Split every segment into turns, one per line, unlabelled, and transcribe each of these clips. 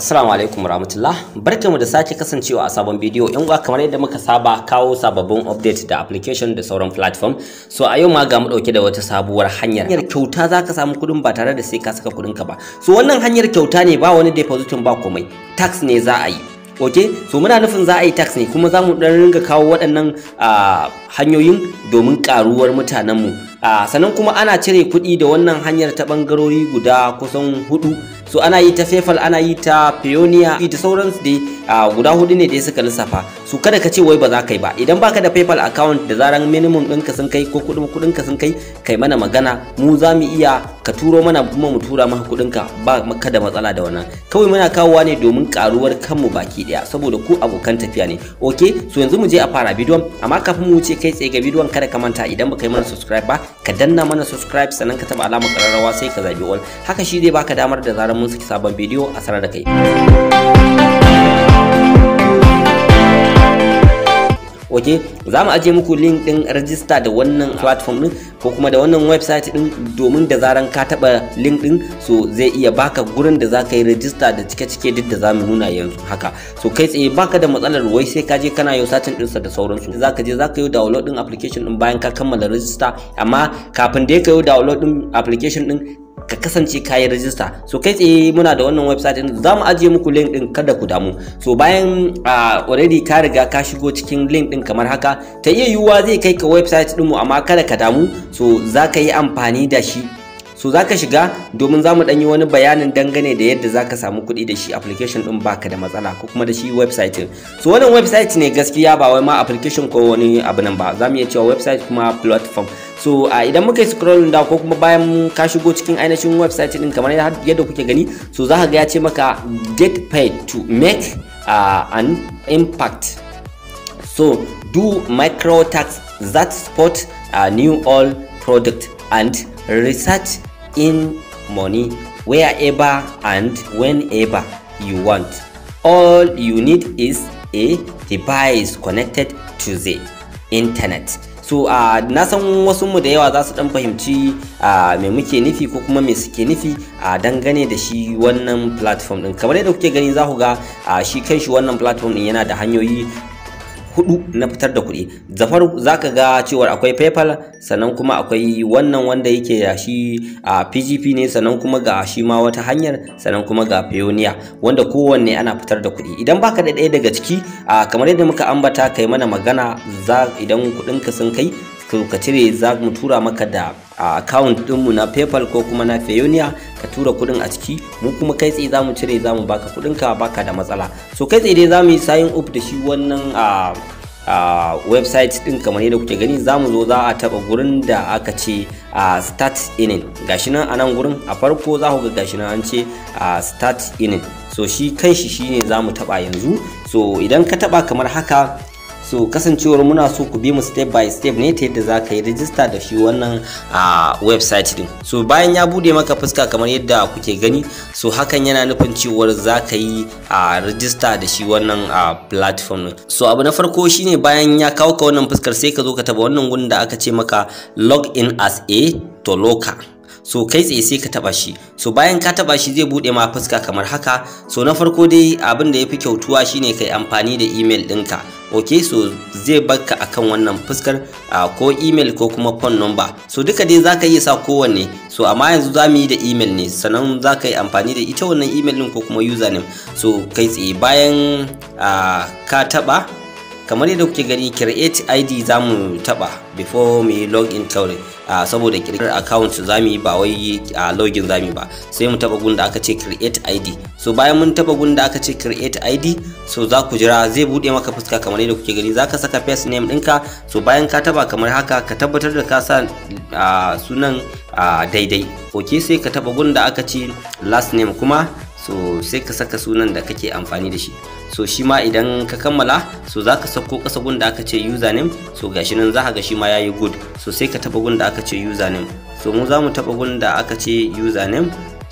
Assalamu alaikum warahmatullah barkamu da sake kasancewa a sabon bidiyo yan uwa kamar yadda muka saba kawo sababbin update da application da sauran platform so a yau ma ga mu dauke da wata sabuwar hanyar hanyar kyauta zaka samu kudin ba tare da sai ka saka kudin ka ba so wannan hanyar kyauta ne ba wani deposit ba komai tax ne za a yi okay so muna nufin za a yi tax ne kuma za mu dan ringa kawo waɗannan ah, hanyoyin domin karuwar mutanen mu a sanan kuma ana cire kuɗi da wannan hanyar ta ɓangarori guda kusan hudu so ana yi ta fefal ana yi ta peonia da sauransu dai guda hudu ne dai suka lissafa su kada ka ce wai ba za ka yi ba idan baka da paypal account da zaran minimum ka sun kai ko kuɗin kuɗinka sun kai kai mana magana mu za mu iya ka turo mana kuma mu tura maka kuɗinka ba maka da matsala da wannan kawai muna kawowa ne domin karuwar kanmu baki ɗaya saboda ku abokan tafiya ne ok so yanzu mu je a fara bidiyon amma kafin mu wuce kai tsaye ga bidiyon kada ka manta idan baka yi mana subscribe ba ka danna mana subscribe sannan ka taba alamar ƙararrawa sai ka zabi all haka shi zai baka damar da zarar mun saki sabon bidiyo a sanar da kai ok za mu ajiye muku link din rajista da wannan platform din ko kuma da wannan website din domin da zaran ka taba link din so zai iya baka gurin da zaka yi rajista da cike-cike duk da za mu nuna yanzu haka so kai tsaye baka da matsalar wai sai ka je kana yau satin dinsa da sauransu zaka je zaka yi download din application din bayan ka kammala rajista amma kafin da ya ka yi download din application din ka kasance ka yi rajista so kai tsaye muna da wannan website din za mu ajiye muku link din kada ku damu so bayan already ka riga ka shigo cikin link din kamar haka ta iya yiwuwa zai kai ka website din mu amma kada ka damu so za ka yi amfani da shi so za ka shiga domin za mu yi wani bayanin dangane da yadda za ka samu kuɗi da shi application ɗin baka da matsala ko kuma da shi website so wannan website ne gaskiya ba wai ma application ko wani abu nan ba za mu iya cewa website kuma platform so a idan muka yi scroll down ko kuma bayan ka shigo cikin ainihin website din kamar yadda kuke gani so za ka ga ya ce maka get paid to make uh, an impact so do micro tax that support a new all product and research in money wherever and whenever you want all you need is a device connected to the internet so a na san wasu mu da yawa za su dan fahimci a me muke nufi ko kuma me suke nufi a dangane da shi wannan platform din kamar yadda kuke gani za ku ga shi kanshi wannan platform din yana da hanyoyi hudu na fitar da kuɗi zafar za ka ga cewar akwai paypal sannan kuma akwai wannan wanda yake yashi. shi a pgp ne sannan kuma ga shi ma wata hanyar sannan kuma ga payoneer wanda kowanne ana fitar da kuɗi idan baka da ɗaya daga ciki a kamar yadda muka ambata kai mana magana za idan ka sun kai ka cire za mu tura maka da account ɗinmu na paypal ko kuma na payoneer tura kuɗin a ciki mu kuma kai tsaye zamu cire zamu baka kuɗin ka baka da matsala so kai tsaye dai zamu yi sign up da shi wannan a a website din kamar yadda kuke gani zamu zo za a taba gurin da aka ce a start inning gashi nan a nan gurin a farko za ku ga gashi nan an ce a start inning so shi kanshi shine zamu taba yanzu so idan ka taba kamar haka so kasancewar muna so ku bi mu step by step ne ta yadda za ka yi rijista da shi wannan a website din so bayan ya bude maka fuska kamar yadda kuke gani so hakan yana nufin cewar za ka yi a rijista da shi wannan a platform din so abu na farko shine bayan ya kawo ka wannan fuskar sai ka zo ka taba wannan da aka ce maka log in as a toloka so kai tsaye sai ka taba shi so bayan ka taba shi zai bude ma fuska kamar haka so na farko dai abin da yafi kyautuwa shine kai amfani da email ɗinka ok so zai baka akan wannan fuskar uh, ko email ko kuma phone number so duka dai zaka iya sa kowanne so amma yanzu za mu yi da email ne sannan za ka yi amfani da ita wannan email din ko kuma username so kai tsaye bayan uh, ka taba kamar yadda kuke gani create id za mu taba before mu yi login kawai uh, saboda kirkirar account za mu yi ba wai uh, login za mu yi ba sai mu taba gun da aka ce create id so bayan mun taba gun da aka ce create id so za ku jira zai buɗe maka fuska kamar yadda kuke gani za ka saka first name ɗinka so bayan ka taba kamar haka ka tabbatar da ka sa uh, sunan daidai ok sai ka taba gun da aka ce last name kuma so sai ka saka sunan da kake amfani da shi so shi ma idan ka kammala so za ka sako kasa gun aka ce username so gashi nan za ka ga shi ma ya yi good so sai ka taba gun aka ce username so mu za mu taba gun da aka ce username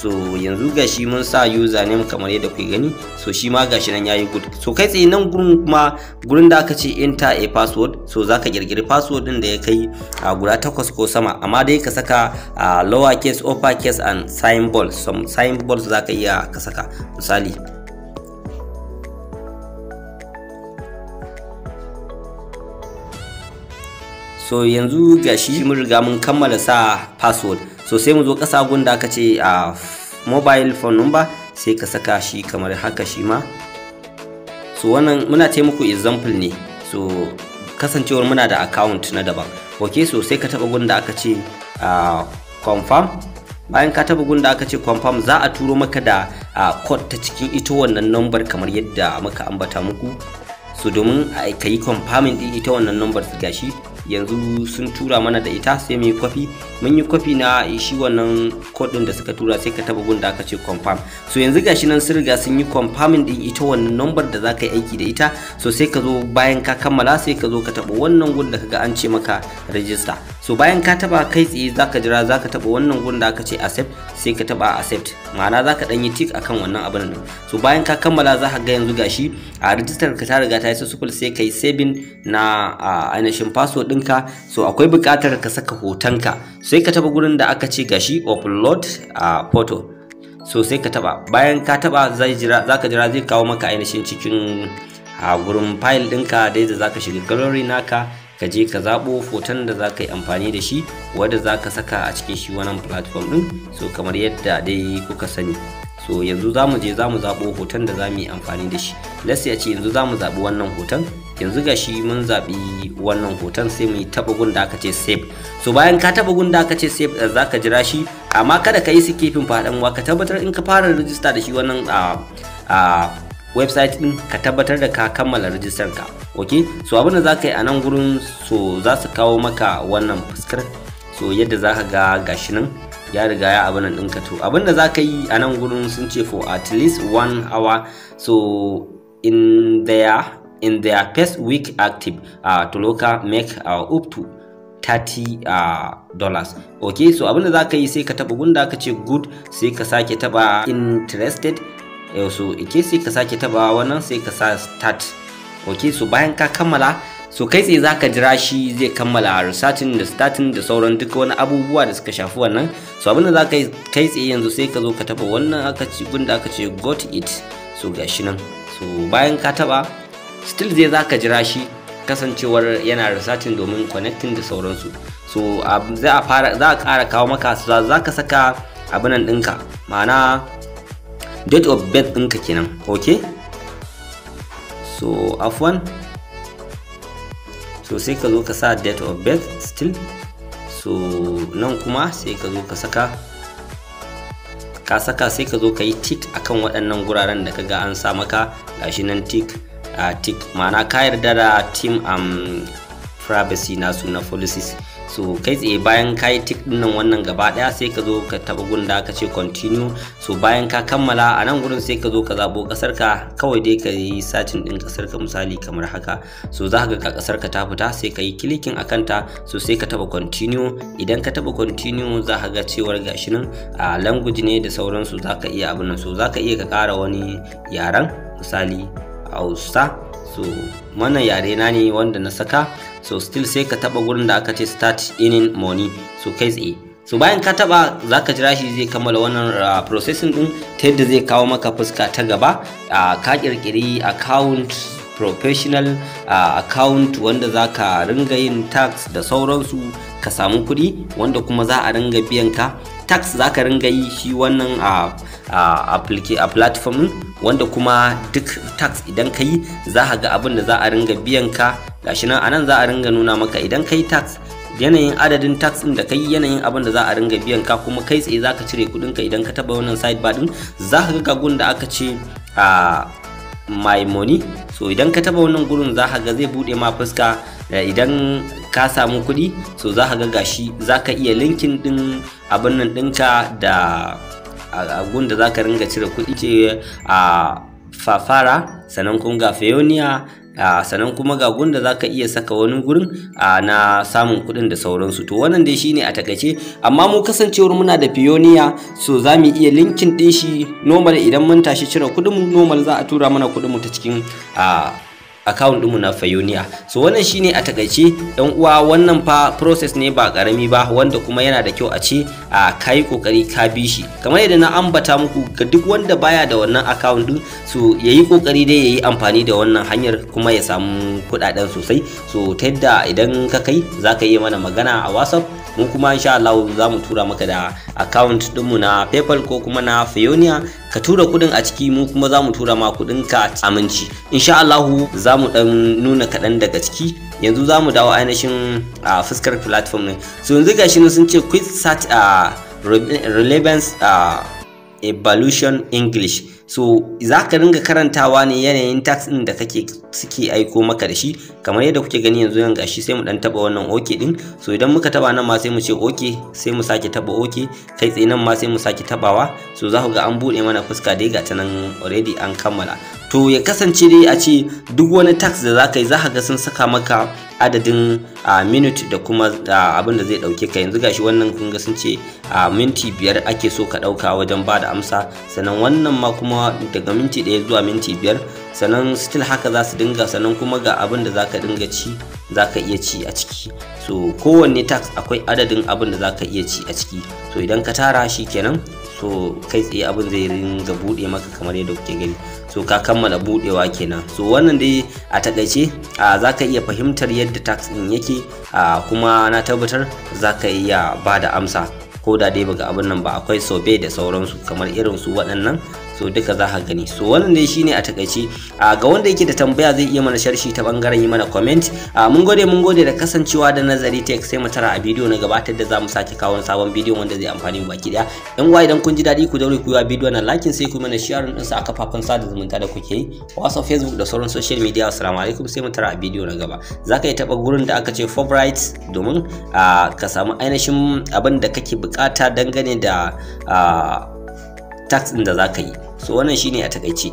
so yanzu gashi mun sa username kamar yadda kuke gani so shi ma gashi nan yayi good so kai tsaye nan gurin kuma gurin da aka ce enter a password so zaka girgiri password din da ya kai a guda takwas ko sama amma dai ka saka lower case upper case and symbol some symbols zaka iya ka saka misali so yanzu gashi mun riga mun kammala sa password so sai mu zo ƙasa gunda aka ce a mobile phone number sai ka saka shi kamar haka shi ma so wannan muna ce muku example ne so kasancewar muna da account na daban ok so sai ka taba gunda aka ce confirm bayan ka taba gunda aka ce confirm za a turo maka da code ta cikin ita wannan number kamar yadda muka ambata muku so domin ka yi confirming din ita wannan number gashi yanzu sun tura mana da ita sai mu yi kwafi mun yi kwafi na shi wannan kodin da suka tura sai ka taba gun da aka ce confirm so yanzu gashi nan sun riga sun yi confirming din ita wannan number da za ka yi aiki da ita so sai ka zo bayan ka kammala sai ka zo ka taba wannan gun da kaga an ce maka register so bayan ka taba kai tsaye za ka jira za ka taba wannan gun da aka ce accept sai ka taba accept ma'ana za ka dan yi tick akan wannan abin nan so bayan ka kammala za ka ga yanzu gashi a register ka ta riga ta yi successful sai ka yi saving na ainihin password din ɗinka so akwai buƙatar ka saka hotonka sai ka taba gurin da aka ce gashi upload a photo so sai ka taba bayan ka taba zai jira zaka jira zai kawo maka ainihin cikin a gurin file ɗinka da zaka shiga gallery naka ka je ka zabo hoton da za ka yi amfani da shi wanda za saka a cikin shi wannan platform ɗin so kamar yadda dai kuka sani so yanzu za mu je za mu zaɓo hoton da za mu yi amfani da shi let's ya ce yanzu za mu zaɓi wannan hoton yanzu ga shi mun zaɓi wannan hoton sai mu yi taɓa gun da aka ce save so bayan ka taɓa gun da aka ce save eh, za ka jira shi amma kada ka yi su kefin faɗan wa ka tabbatar in ka fara rijista da shi wannan a ah, ah, website din ka tabbatar da ka kammala rijistar ka ok so abin da za ka yi a nan gurin so za su kawo maka wannan fuskar so yadda za ka ga gashi nan ya riga ya abin nan ɗinka to abin da za ka yi a nan gurin sun ce for at least one hour so in there in their first week active uh, to local make uh, up to 30 uh, dollars Okay, so abinda za ka yi sai ka taba gunda ka ce good sai ka sake taba interested eh, so ike sai ka sake taba wannan sai ka sa start Okay, so bayan ka kammala so kai tsaye za ka jira shi zai kammala researching da starting da sauran duka wani abubuwa da suka shafi wannan so abin da zaka kai tsaye yanzu sai ka zo ka taba wannan aka ci gunda aka ce got it so gashi nan so bayan ka taba still zai za ka jira shi kasancewar yana researching domin connecting da sauransu so za a fara za a ƙara kawo maka za ka saka abinan ɗinka ma'ana date of birth ɗinka kenan ok so afwan so sai ka zo ka sa date of birth still so nan kuma sai ka zo ka saka ka saka sai ka zo ka yi tick akan waɗannan guraren da kaga an sa maka gashi nan tick uh, tick ma'ana ka yarda da team um, privacy nasu na policies so kai tsaye bayan ka yi tik dinnan wannan gaba daya sai ka zo ka taba gunda ka ce continue so bayan ka kammala a nan gurin sai ka zo ka zabo kasar ka kawai dai ka yi satin din kasar ka misali kamar haka so za ka ga kasar ka ta fita sai ka yi clicking akan ta so sai ka taba continue idan ka taba continue za ka ga cewar gashi nan a language ne da sauransu za ka iya abin nan so za ka iya ka kara wani yaren misali hausa so mana yare na ne wanda na saka so still sai ka taba gurin da aka ce start inning money so kai tsaye so bayan ka taba zaka jira shi zai kammala wannan uh, processing din ta yadda zai kawo maka fuska ta gaba uh, ka kirkiri account professional uh, account wanda za ka ringa yin tax da sauransu ka samu kuɗi wanda kuma za a ringa biyan ka tax za ka ringa yi shi wannan a platform wanda kuma duk tax idan ka yi za a ga abin da za a ringa biyan ka gashi nan anan za a ringa nuna maka idan ka yi tax yanayin adadin tax din da kai yanayin abin da za a ringa biyan ka kuma kai tsaye za ka cire kudin ka idan ka taba wannan side bar din ka ga gun da aka ce my money so idan ka taba wannan gurin za ka ga zai bude ma fuska Eh, idan ka samu kuɗi so za ka ga gashi za ka iya linkin din abin nan ɗinka da agun da za ka ringa cire kuɗi ce a fafara sannan kuma ga fayoniya sannan kuma ga gunda za ka iya saka wani gurin uh, na samun kuɗin da sauransu to wannan dai shine a takaice amma mu kasancewar muna da fiyoniya so za mu iya linkin din shi normal idan mun tashi cire kuɗin mu normal za a tura mana kuɗin mu ta cikin uh, account ɗinmu na fayoniya, so wannan shine a takaice yan uwa wannan fa process ne ba karami ba wanda kuma yana da kyau a ce a kai kokari ka bi shi kamar yadda na ambata muku ga duk wanda baya da wannan account din so yayi kokari dai yayi amfani da wannan hanyar kuma ya samu kuɗaɗen sosai so ta yadda idan ka kai zaka yi mana magana a WhatsApp mu kuma insha Allah za mu tura maka da account dinmu na PayPal ko kuma na fionia ka tura kuɗin a ciki mu kuma za mu tura ma kuɗin ka aminci insha Allah za mu dan nuna kaɗan daga ciki yanzu za mu dawo ainihin a fuskar platform ne so yanzu gashi sun ce quick search a relevance a evolution english so za ka ringa karantawa ne yanayin tax din da kake suke aiko maka da shi kamar yadda kuke gani yanzu yanga shi, sai mu dan taba wannan oke din so idan muka taba nan ma sai mu ce oke sai mu sake taba oke kai tsaye nan ma sai mu sake tabawa so za ku ga an bude mana fuska dai ga ta nan already an kammala to ya kasance dai a ce duk wani tax da za ka yi za ka ga sun saka maka adadin a minute da kuma abin da zai dauke ka yanzu gashi wannan kun ga sun ce a minti biyar ake so ka dauka wajen bada amsa sannan wannan ma kuma kuma daga minti ɗaya zuwa minti biyar sannan still haka za su dinga sannan kuma ga abin da za ka dinga ci za ka iya ci a ciki so kowanne tax akwai adadin abin da za ka iya ci a ciki so idan ka tara shi kenan so kai tsaye abin zai ringa buɗe maka kamar yadda kuke gani so ka kammala buɗewa kenan so wannan dai a takaice a za ka iya fahimtar yadda tax ɗin yake a kuma na tabbatar za ka iya ba da amsa ko da dai baga abin nan ba akwai sobe da sauransu kamar irin su waɗannan so duka za ka gani so wannan dai shine a takaice ga wanda yake da tambaya zai iya mana sharshi ta bangaren yi mana comment mun gode mun gode da kasancewa da nazari tech sai mu tara a bidiyo na gabatar da zamu sake kawo wani sabon bidiyo wanda zai amfani mu baki daya yan uwa idan kun ji daɗi ku daure ku yi wa bidiyo na like sai ku mana share din sa a kafafen sada zumunta da kuke yi Wasu Facebook da sauran social media assalamu alaikum sai mu tara a bidiyo na gaba zaka yi taba gurin da aka ce favorites domin ka samu ainihin abin da kake bukata dangane da tax din da zaka yi so wannan shine a takaice